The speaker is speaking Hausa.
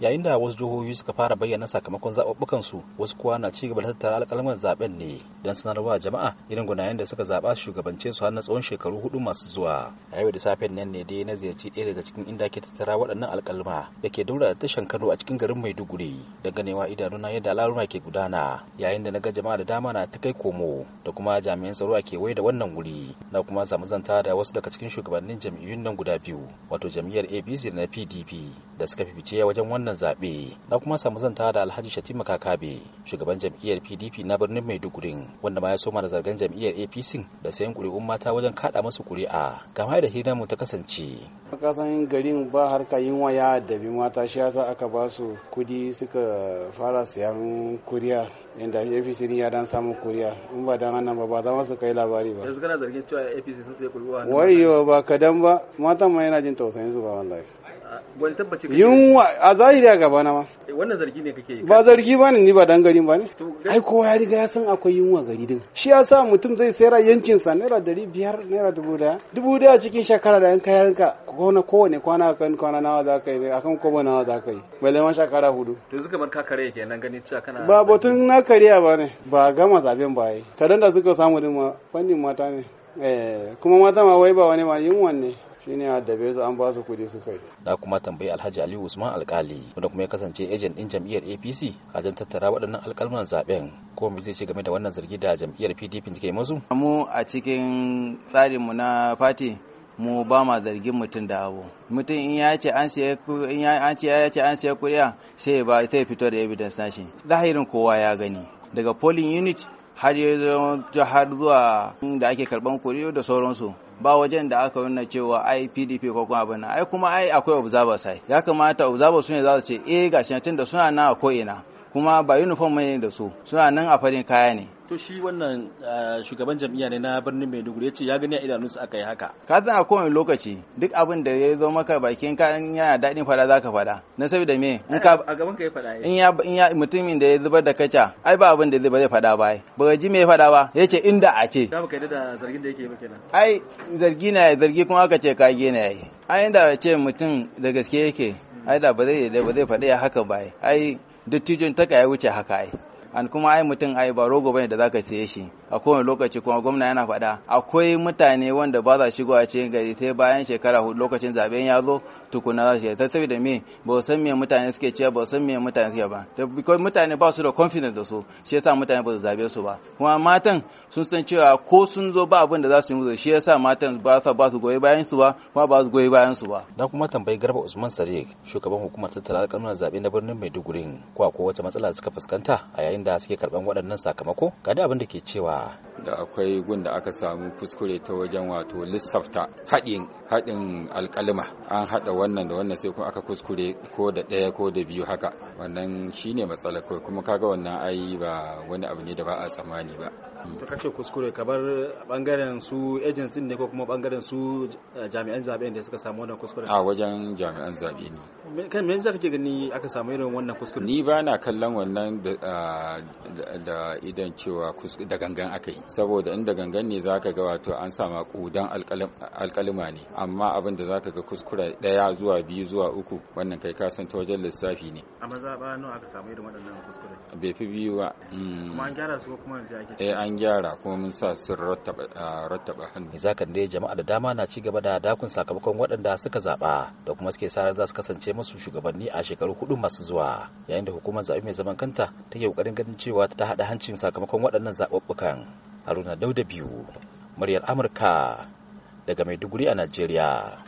yayin da wasu jihohi suka fara bayyana sakamakon zaɓuɓɓukan su wasu kuwa na ci gaba da tattara alƙalman zaɓen ne don sanarwa jama'a irin gunayen da suka zaɓa shugabance su har na tsawon shekaru hudu masu zuwa a yau da safen nan ne dai na ziyarci ɗaya daga cikin inda ke tattara waɗannan alƙalma da ke daura da tashan Kano a cikin garin Maiduguri da ganewa na yadda al'aruma ke gudana yayin da na ga jama'a da dama na ta kai komo da kuma jami'an tsaro a kewaye da wannan wuri na kuma samu zanta da wasu daga cikin shugabannin jam'iyyun nan guda biyu wato jam'iyyar APC da na PDP da suka fifice wajen wannan wannan zaɓe na kuma samu zanta da alhaji shatima kakabe shugaban jam'iyyar pdp na birnin maiduguri wanda ma ya soma da zargan jam'iyyar apc da sayan ƙuri'un mata wajen kaɗa masu ƙuri'a kama da hidanmu ta kasance kasan garin ba harka yin waya da bi mata shi yasa aka ba su kudi suka fara siyan kuriya inda apc ya dan samu kuriya in ba dan nan ba ba za su kai labari ba yanzu kana zargin cewa apc sun sai kuriya wayo ba kadan ba matan ma yana jin tausayin su ba wallahi wani tabbaci yunwa a zahiri a gaba na ma eh, wannan zargi ne kake yi ba zargi ba ne ni ba dan garin ba ne ai kowa ya riga ya san akwai yunwa gari din shi ya sa mutum zai sayar yankin sa naira dari biyar naira dubu daya dubu daya cikin shekara da yan kayan ka kowane kowane kwana akan kwana nawa za ka yi akan kowane nawa za ka yi balle ma shekara hudu to suka bar ka kare kenan gani cewa kana ba batun na kariya ba ne ba gama zaben ba yi kadan da suka samu din ma fannin mata ne eh kuma mata ma wai ba wani ma yunwan ne shine dabe su an ba su kudi su kai na kuma tambayi Alhaji Aliyu Usman alkali wanda kuma ya kasance ejen din jam'iyyar APC a jan tattara waɗannan alkalman zaben ko me zai ce game da wannan zargi da jam'iyyar PDP take masu. mu a cikin tsarin mu na fati mu ba ma zargin mutum da abu mutum in ya ce an siya in ya ce ya ce an kuriya sai ba sai fito da evidence nashi zahirin kowa ya gani daga polling unit har ya zo har zuwa da ake karban kuriyo da sauransu ba wajen da aka nuna cewa ai PDP ko kuma abin ai kuma ai akwai observer sai ya kamata observer su ne za su ce eh gashi tunda suna nan a ko ina kuma ba uniform ne da su suna nan a farin kaya ne to shi wannan shugaban jam'iyya ne na birnin maiduguri ya ce ya gani a idanunsa aka yi haka ka san a kowane lokaci duk abin da ya zo maka bakin ka in yana daɗin fada za ka fada na saboda me in eh, ka a gaban ka ya fada eh. in ya in ya mutumin da ya zubar da kaca ai ba abin da zai ba zai fada ba ba ji me ya fada ba ya ce inda a ce ka kai da zargin da yake ba kenan ai zargi na zargi kuma aka ce ka gina yayi ai inda ce mutum da gaske yake ai da ba zai ba zai faɗi haka ba ai dattijon ka ya wuce haka ai an kuma ai mutum ai ba rogo bane da zaka saye shi a kowane lokaci kuma gwamna yana faɗa akwai mutane wanda ba za a cikin gari sai bayan shekara hudu lokacin zaben ya zo tukuna za su ta saboda me ba san me mutane suke cewa ba su san me mutane suke ba because mutane ba su da confidence da su shi yasa mutane ba su zabe su ba kuma matan sun san cewa ko sun zo ba abin da za su yi musu shi yasa matan ba su ba su goyi bayan su ba kuma ba su goyi bayan su ba na kuma tambayi garba usman sare shugaban hukumar tattara alƙalmar zabe na birnin maiduguri ko akwai wata matsala suka fuskanta a yayin da suke karban waɗannan sakamako ga abin da ke cewa da akwai gun da aka samu kuskure ta wajen wato lissafta haɗin haɗin alƙalima an haɗa wannan da wannan sai kuma aka kuskure ko da ɗaya ko da biyu haka wannan shi ne matsala kawai kuma kaga wannan ai ba wani abu ne da ba a tsammani ba to kace kuskure bar bangaren su agents ne ko kuma bangaren su eh, jami'an zabe da suka samu wannan kuskure a wajen jami'an zabe ne kan me zaka ce gani aka samu irin wannan kuskure ni ba na kallon wannan da ah, idan cewa da gangan aka yi saboda inda gangan ne zaka ga wato an sama kudan alkalima ne amma abin da zaka ga kuskure daya zuwa biyu zuwa uku wannan kai ka san ta wajen lissafi ne mazaɓa nawa aka samu irin waɗannan kuskure bai fi biyu ba hmm. kuma an gyara su kuma yanzu ake eh an gyara kuma mun sa sun rattaba rattaba hannu zakan ne jama'a da dama na ci gaba da dakun sakamakon waɗanda suka zaɓa da kuma suke sa za su kasance musu shugabanni a shekaru hudu masu zuwa yayin da hukumar zaɓe mai zaman kanta take ƙoƙarin ganin cewa ta haɗa hancin sakamakon waɗannan zaɓuɓɓukan haruna dauda biyu muryar amurka daga maiduguri a najeriya